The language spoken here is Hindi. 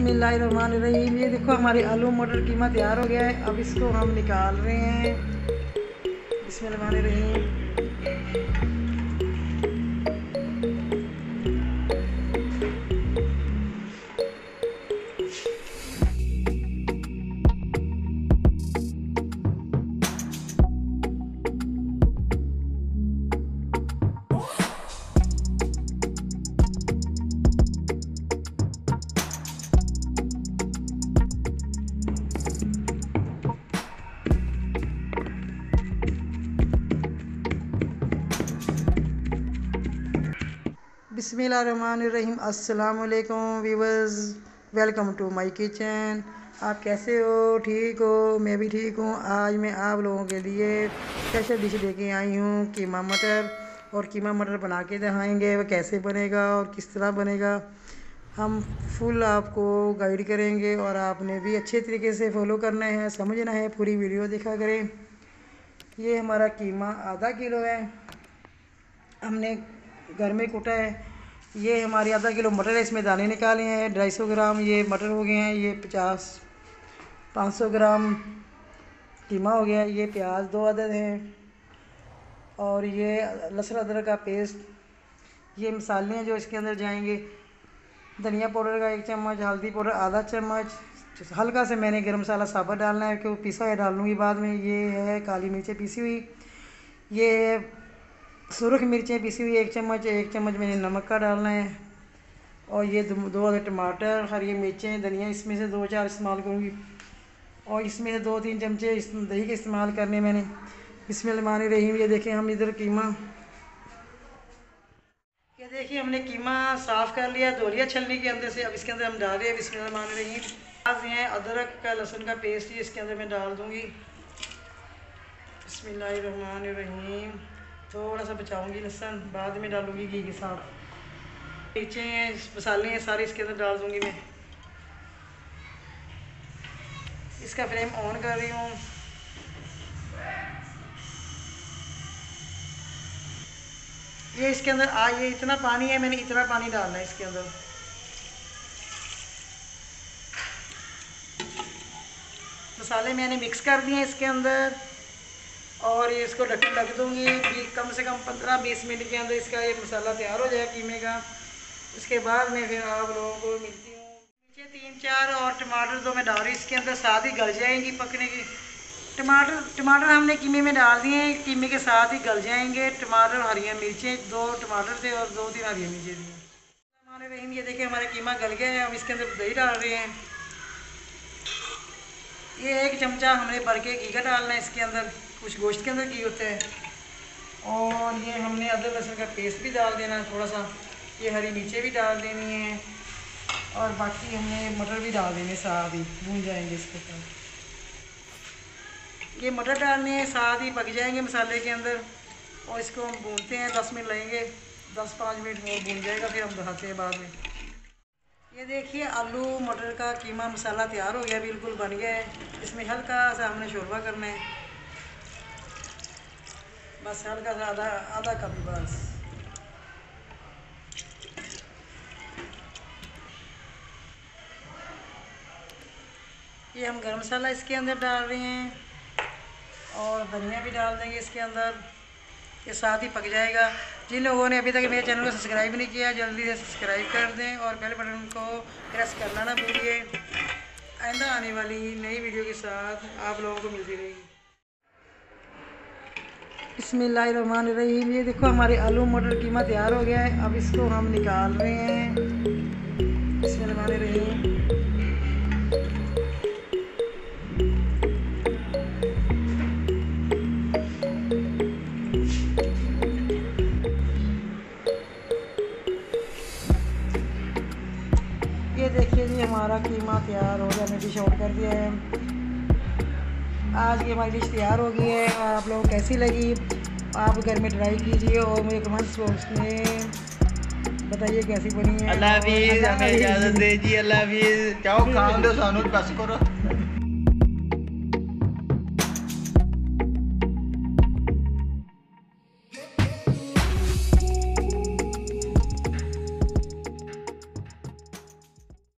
रहीम ये देखो हमारे आलू मटर कीमा तैयार हो गया है अब इसको हम निकाल रहे हैं रहीम बिसमीम असलकुम viewers welcome to my kitchen आप कैसे हो ठीक हो मैं भी ठीक हूँ आज मैं आप लोगों के लिए स्पेशल डिश लेके आई हूँ कीमा मटर और कीमा मटर बना के दिखाएँगे वह कैसे बनेगा और किस तरह बनेगा हम फुल आपको गाइड करेंगे और आपने भी अच्छे तरीके से फॉलो करना है समझना है पूरी वीडियो देखा करें ये हमारा कीमा आधा किलो है हमने घर में कूटा है ये हमारे आधा किलो मटर है इसमें दाने निकाले हैं ढाई सौ ग्राम ये मटर हो गए हैं ये पचास पाँच सौ ग्राम कीमा हो गया ये प्याज दो अदद हैं और ये लहसुन अदरक का पेस्ट ये मसाले हैं जो इसके अंदर जाएंगे धनिया पाउडर का एक चम्मच हल्दी पाउडर आधा चम्मच हल्का से मैंने गर्म मसाला साबर डालना है क्योंकि पिसा हुआ डाल लूँगी बाद में ये है काली मिर्चें पीसी हुई ये सुरख मिर्चें पीसी हुई एक चम्मच एक चम्मच मैंने नमक का डालना है और ये दो अगर टमाटर हरी मिर्चें धनिया इसमें से दो चार इस्तेमाल करूँगी और इसमें से दो तीन चमचे दही के इस्तेमाल करने मैंने इसमें लमानी हूँ ये देखें हम इधर कीमा ये देखिए हमने कीमा साफ़ कर लिया दोलिया छलने छलनी के अंदर से अब इसके अंदर हम डाल रहे हैं इसमें लमानी रही प्याज हैं अदरक का लहसुन का पेस्ट इसके अंदर मैं डाल दूँगी बसमिल्लर रहीम थोड़ा सा बचाऊंगी लहसन बाद में डालूंगी घी के साथ नीचे मसाले हैं सारे इसके अंदर डाल दूंगी मैं इसका फ्लेम ऑन कर रही हूँ ये इसके अंदर आ ये इतना पानी है मैंने इतना पानी डालना है इसके अंदर मसाले मैंने मिक्स कर दिए इसके अंदर और ये इसको ढक्कन ढक दूँगी कम से कम पंद्रह बीस मिनट के अंदर इसका ये मसाला तैयार हो जाए कीमे का उसके बाद मैं फिर आप लोगों को मिलती हूँ नीचे तीन चार और टमाटर दो तो मैं डाल रही इसके अंदर साथ ही गल जाएंगी पकने की टमाटर टमाटर हमने कीमे में डाल दिए हैं कीमे के साथ ही गल जाएंगे टमाटर हरिया मिर्चें दो टमाटर थे और दो तीन हरिया मिर्चें थी हमारे रही ये देखिए हमारा कीमा गल गया है हम इसके अंदर दही डाल रहे हैं ये एक चमचा हमने भर के घी का डालना है इसके अंदर कुछ गोश्त के अंदर घी होता है और ये हमने अदरक लहसुन का पेस्ट भी डाल देना है थोड़ा सा ये हरी मिर्चें भी डाल देनी है और बाकी हमने मटर भी डाल देने साथ ही भून जाएंगे इसके साथ ये मटर डालने हैं साथ ही पक जाएंगे मसाले के अंदर और इसको हम भूनते हैं दस मिनट लगेंगे दस पाँच मिनट और भून जाएगा फिर हम दिखाते हैं बाद में ये देखिए आलू मटर का कीमा मसाला तैयार हो गया बिल्कुल बन गया है इसमें हल्का सा हमने शोरबा करना है बस हल्का सा आधा आधा कप बस ये हम गरम मसाला इसके अंदर डाल रहे हैं और धनिया भी डाल देंगे इसके अंदर ये साथ ही पक जाएगा जिन लोगों ने अभी तक मेरे चैनल को सब्सक्राइब नहीं किया जल्दी से सब्सक्राइब कर दें और बेल बटन को प्रेस करना ना भूलिए आइंदा आने वाली नई वीडियो के साथ आप लोगों को मिलती रहेगी बसमीम ये देखो हमारे आलू मटर कीमा तैयार हो गया है अब इसको हम निकाल रहे हैं बसमीम ये देखिए जी हमारा कीमा तैयार हो गया मैंने डिश आउट कर दिया है आज की हमारी डिश तैयार हो गई है आप लोग कैसी लगी आप घर में ट्राई कीजिए और मुझे कमेंट्स बॉक्स में बताइए कैसी बनी है अल्लाह हाफिज़ हमें इजाज़त दीजिए अल्लाह हाफिज़ क्या काम दो सानू बस करो